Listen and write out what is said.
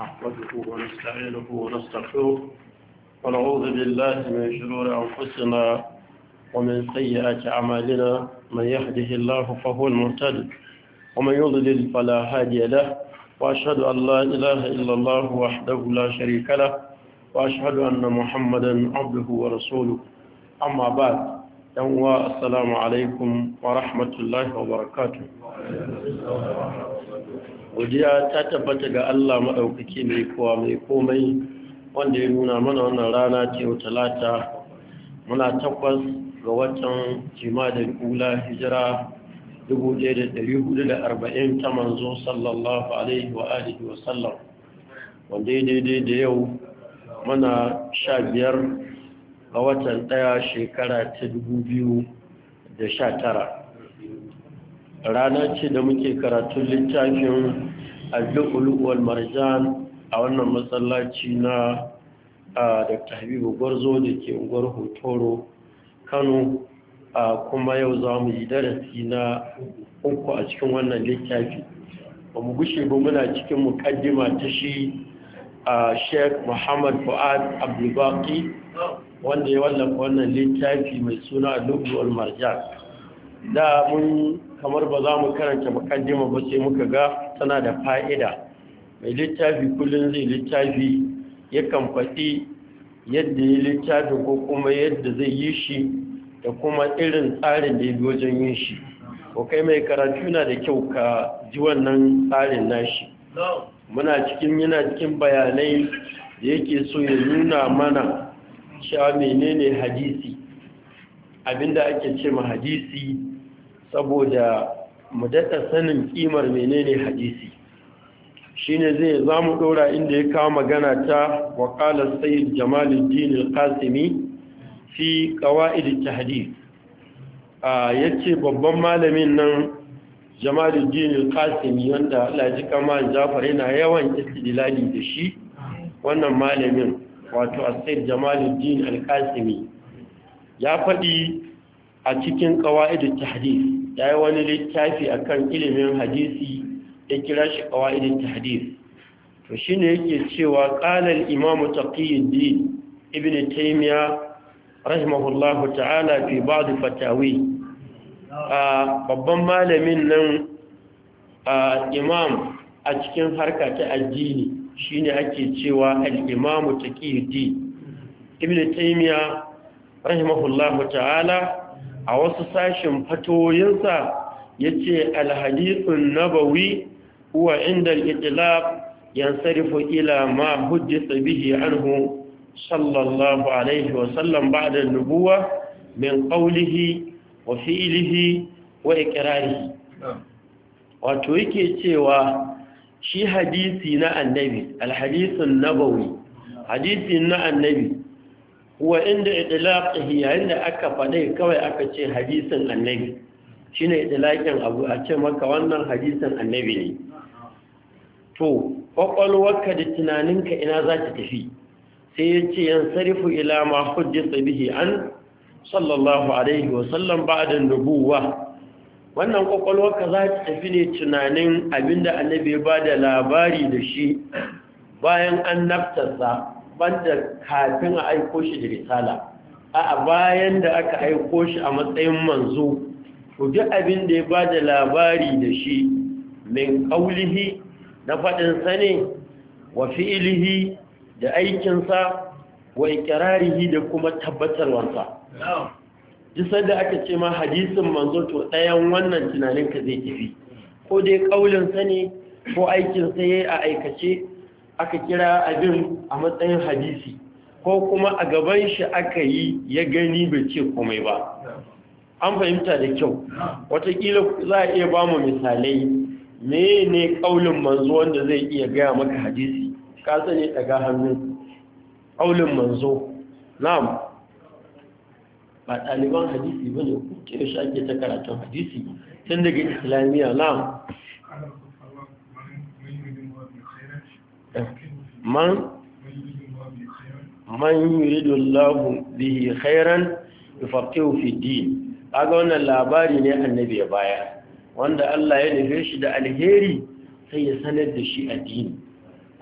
نحمده ونستعينه ونستغفره ونعوذ بالله من شرور أنفسنا ومن سيئات أعمالنا من يهده الله فهو المهتد ومن يضلل فلا هادي له وأشهد أن لا إله إلا الله وحده لا شريك له وأشهد أن محمدا عبده ورسوله أما بعد السلام عليكم ورحمة الله وبركاته godiya ta tabbata ga Allah maɗaukaki mai kowa mai komai wanda ya nuna mana wannan rana ce talata muna takwas ga watan jimadar kula hijira 1440 ta manzo sallallahu alaihi wa alihi wa sallam wanda ya daidai da yau muna sha biyar ga watan ɗaya shekara ta 2019 rana ce da muke karatun littafin al-lu'lu marjan a wannan masallaci na Dr. Habibu Gwarzo da ke unguwar Hotoro Kano kuma yau za mu yi darasi na uku a cikin wannan littafi ba mu gushe ba muna cikin mukaddima ta shi a Sheikh Muhammad Fuad Abdulbaki wanda ya wallafa wannan littafi mai suna al-lu'lu marjan da mun kamar ba za mu karanta makandima ba sai muka ga tana da fa'ida mai littafi kullum zai littafi yakan faɗi yadda ya littafi ko kuma yadda zai yi shi da kuma irin tsarin da ya bi wajen yin shi ko kai mai karatu na da kyau ka ji wannan tsarin nashi muna cikin yana cikin bayanai da yake so ya nuna mana cewa menene hadisi abinda ake ce ma hadisi saboda mu daɗa sanin ƙimar menene hadisi shine zai za mu ɗora inda ya kawo magana ta waƙalar sayid jamaluddin al-qasimi fi ta hadisi. a yace babban malamin nan jamaluddin al-qasimi wanda Allah kama Jafar yana yawan istidlali da shi wannan malamin wato a sayyid jamaluddin al-qasimi ya faɗi a cikin ƙawa'idun tahdis ya yi wani littafi a kan ilimin hadisi ya kira shi ƙawa'idun tahdis to shi ne yake cewa ƙalar imamu di ibn taimiya rahimahullahu ta'ala fi ba da fatawi a babban malamin nan a imam a cikin harka ta addini shi ne ake cewa al taƙiyin di ibn taimiya rahimahullahu ta'ala a wasu sashin fatoyinsa ce Alhadisun nabawi huwa inda al yan sarifu ila ma hujjisa bihi anhu sallallahu alaihi wa sallam ba'da nubuwa min ƙaulihi wa fi'lihi wa ikirari. wato yake cewa shi hadisi na annabi alhadisun nabawi hadisi na annabi wa inda idlaqi yayin da aka fade kawai aka ce hadisin annabi shine idlaqin abu a ce maka wannan hadisin annabi ne to kwakwalwarka da tunaninka ina za ta tafi sai ya ce yan sarifu ila ma hujjata bihi an sallallahu alaihi wa sallam ba'da nubuwa wannan kwakwalwarka za ta tafi ne tunanin abinda annabi ya bada labari da shi bayan an annabtarsa banda kafin a aiko shi da risala a bayan da aka aiko shi a matsayin manzo to duk abin da ya ba da labari da shi min ƙaulihi na faɗin ne wa fi'ilihi da aikinsa wa ikirarihi da kuma tabbatarwarsa jisar da aka ce ma hadisin manzo to ɗayan wannan tunaninka zai tafi ko dai ƙaulinsa ne ko aikinsa ya yi a aikace aka kira abin a matsayin hadisi ko kuma a gaban shi aka yi ya gani bai ce komai ba an fahimta da kyau watakila za a iya ba mu misalai ne kaulin manzo wanda zai iya gaya maka hadisi ka sani daga hannu kaulin manzo na'am ba ɗaliban hadisi ba ne kuke shaƙe ta karatun hadisi tun daga islamiyya na'am man man yuridu Allah bihi khairan yufaqihu fi din kaga wannan labari ne annabi ya baya wanda Allah ya nufe shi da alheri sai ya sanar da shi addini